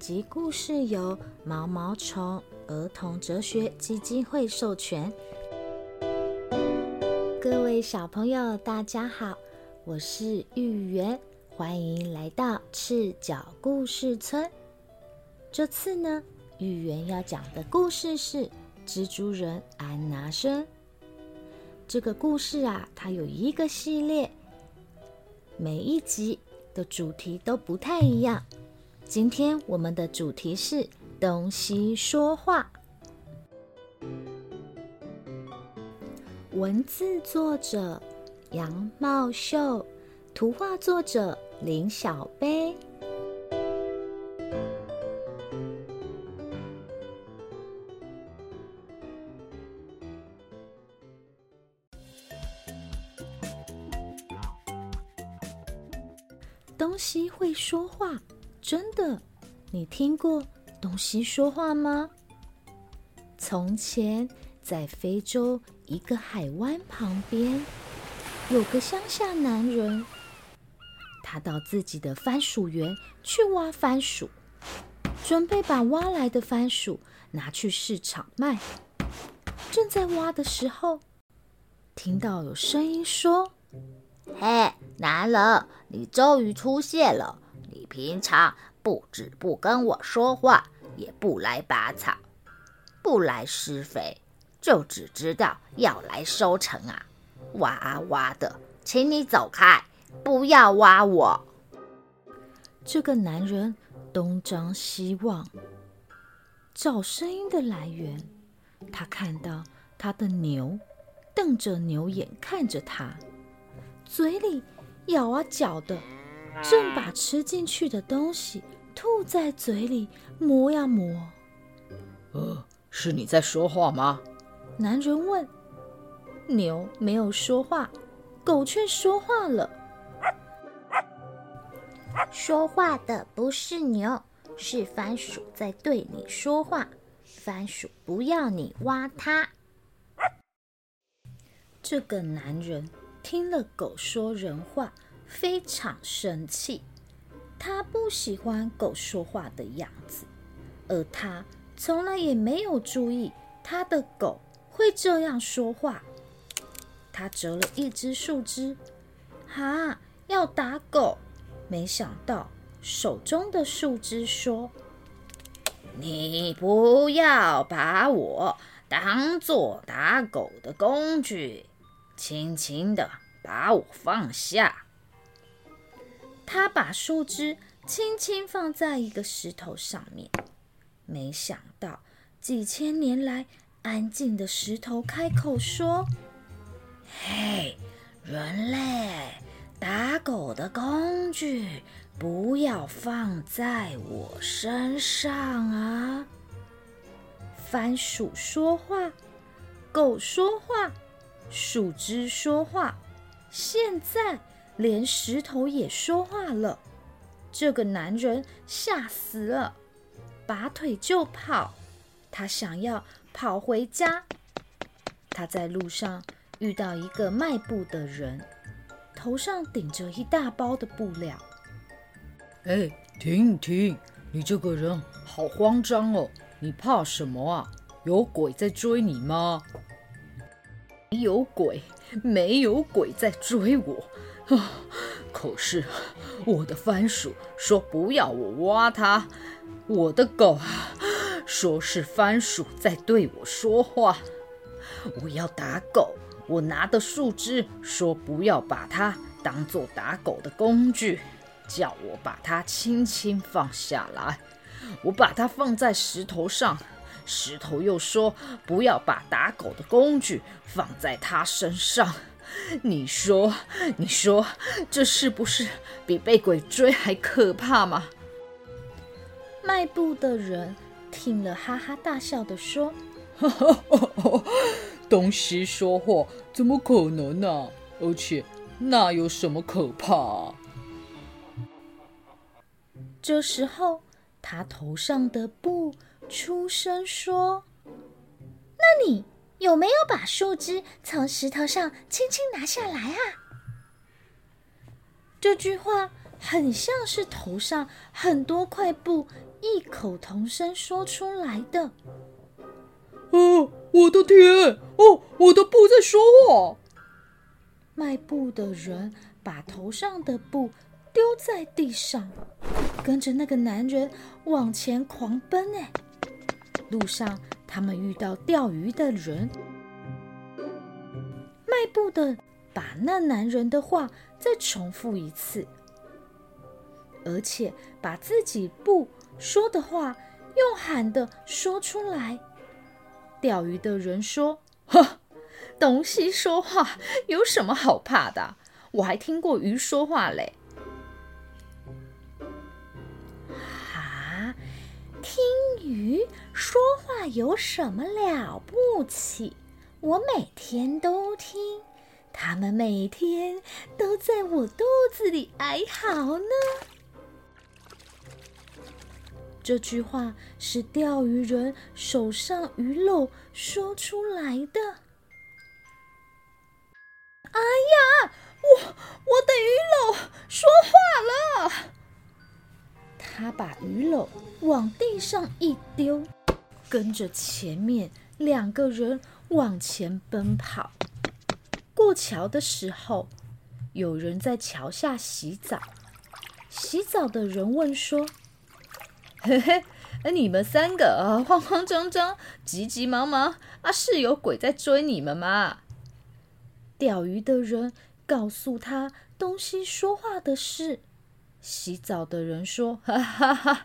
集故事由毛毛蟲兒童哲學基金會授權。各位小朋友，大家好，我是芋圓，歡迎來到赤腳故事村。這次呢，芋圓要講的故事是《蜘蛛人安拿生》。這個故事啊，它有一個系列，每一集的主題都不太一樣。今天我們的主題是東西說話。文字作者楊茂秀，圖畫作者林小杯。東西會說話。真的，你聽過東西說話嗎？從前，在非洲一個海灣旁邊，有個鄉下男人。他到自己的番薯園去挖番薯，準備把挖來的番薯拿去市場賣。正在挖的時候，聽到有聲音說：“嘿，男人，你終於出現了。”平常不止不跟我說話，也不來拔草，不來施肥，就只知道要來收成啊！挖啊挖的，請你走開，不要挖我！這個男人東張西望，找聲音的來源。他看到他的牛，瞪着牛眼看着他，嘴裡咬啊嚼的。正把吃進去的東西吐在嘴裡磨呀磨。呃、哦，是你在說話嗎？男人問。牛沒有說話，狗卻說話了。說話的不是牛，是番薯在對你說話。番薯不要你挖它。這個男人聽了狗說人話，非常生氣，他不喜歡狗說話的樣子，而他從來也沒有注意他的狗會這樣說話。他折了一枝樹枝，哈、啊，要打狗。沒想到手中的樹枝說：“你不要把我當做打狗的工具，輕輕地把我放下。”他把樹枝輕輕放在一個石頭上面，沒想到幾千年來安靜的石頭開口說：“嘿，人類，打狗的工具不要放在我身上啊！”番薯說話，狗說話，樹枝說話，現在。連石頭也說話了，這個男人嚇死了，拔腿就跑。他想要跑回家。他在路上遇到一個賣布的人，頭上頂着一大包的布料。哎，欸，停停！你這個人好慌張哦，你怕什麼啊？有鬼在追你嗎？沒有鬼，沒有鬼在追我。可是，我的番薯說不要我挖它，我的狗說是番薯在對我說話。我要打狗，我拿的樹枝說不要把它當做打狗的工具，叫我把它輕輕放下來。我把它放在石頭上，石頭又說不要把打狗的工具放在它身上。你說，你說，這是不是比被鬼追還可怕嗎？賣布的人聽了，哈哈大笑的說：“ 東西說話怎麼可能呢、啊？而且那有什麼可怕、啊？”這時候，他頭上的布出聲說：“那你。”有沒有把樹枝從石頭上輕輕拿下來啊？這句話很像是頭上很多塊布異口同聲說出來的。哦，我的天！哦，我的布在說話。賣布的人把頭上的布丟在地上，跟着那個男人往前狂奔。哎，路上。他們遇到釣魚的人，邁步的把那男人的話再重複一次，而且把自己不說的話用喊的說出來。釣魚的人說：“呵，東西說話有什麼好怕的？我還聽過魚說話嘞。”啊，聽。魚說話有什麼了不起？我每天都聽，他們每天都在我肚子裡哀嚎呢。這句話是釣魚人手上魚簍說出來的。哎呀，我我的魚簍說話了。他把魚簍往地上一丟，跟着前面兩個人往前奔跑。過橋的時候，有人在橋下洗澡。洗澡的人問說：“嘿嘿，你們三個啊，慌慌張張、急急忙忙啊，是有鬼在追你們嗎？”釣魚的人告訴他東西說話的事。洗澡的人說：“哈哈哈哈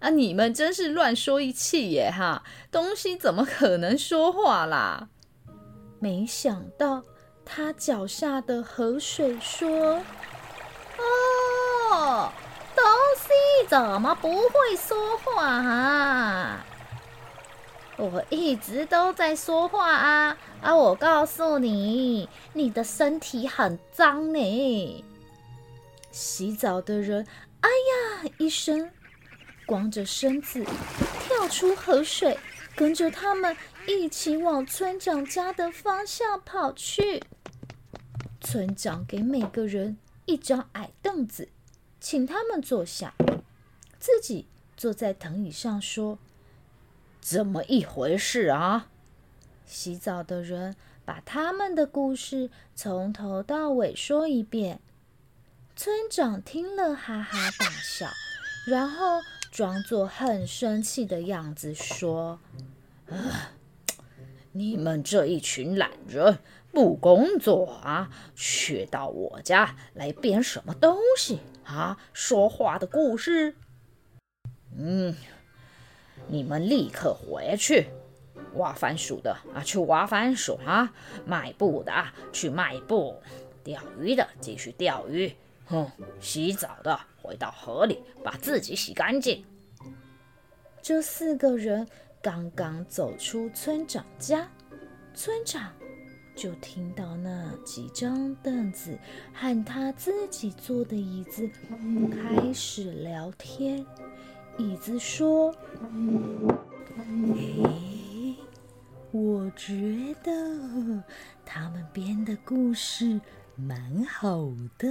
啊，你們真是亂說一氣耶！哈，東西怎麼可能說話啦？”沒想到，他腳下的河水說：“哦，東西怎麼不會說話啊？我一直都在說話啊！啊，我告訴你，你的身體很髒呢、欸。”洗澡的人，哎呀一聲，光着身子跳出河水，跟着他們一起往村長家的方向跑去。村長給每個人一張矮凳子，請他們坐下，自己坐在藤椅上說：“怎麼一回事啊？”洗澡的人把他們的故事從頭到尾說一遍。村長聽了，哈哈大笑，然後裝作很生氣的樣子說：“啊，你們這一群懶人，不工作啊，卻到我家來編什麼東西啊？說話的故事。嗯，你們立刻回去，挖番薯的啊，去挖番薯啊；賣布的啊，去賣布；釣魚的繼續釣魚。”哼、嗯！洗澡的，回到河裡把自己洗乾淨。這四個人剛剛走出村長家，村長就聽到那幾張凳子和他自己坐的椅子開始聊天。椅子說：“哎、嗯，我覺得他們編的故事……”蠻好的。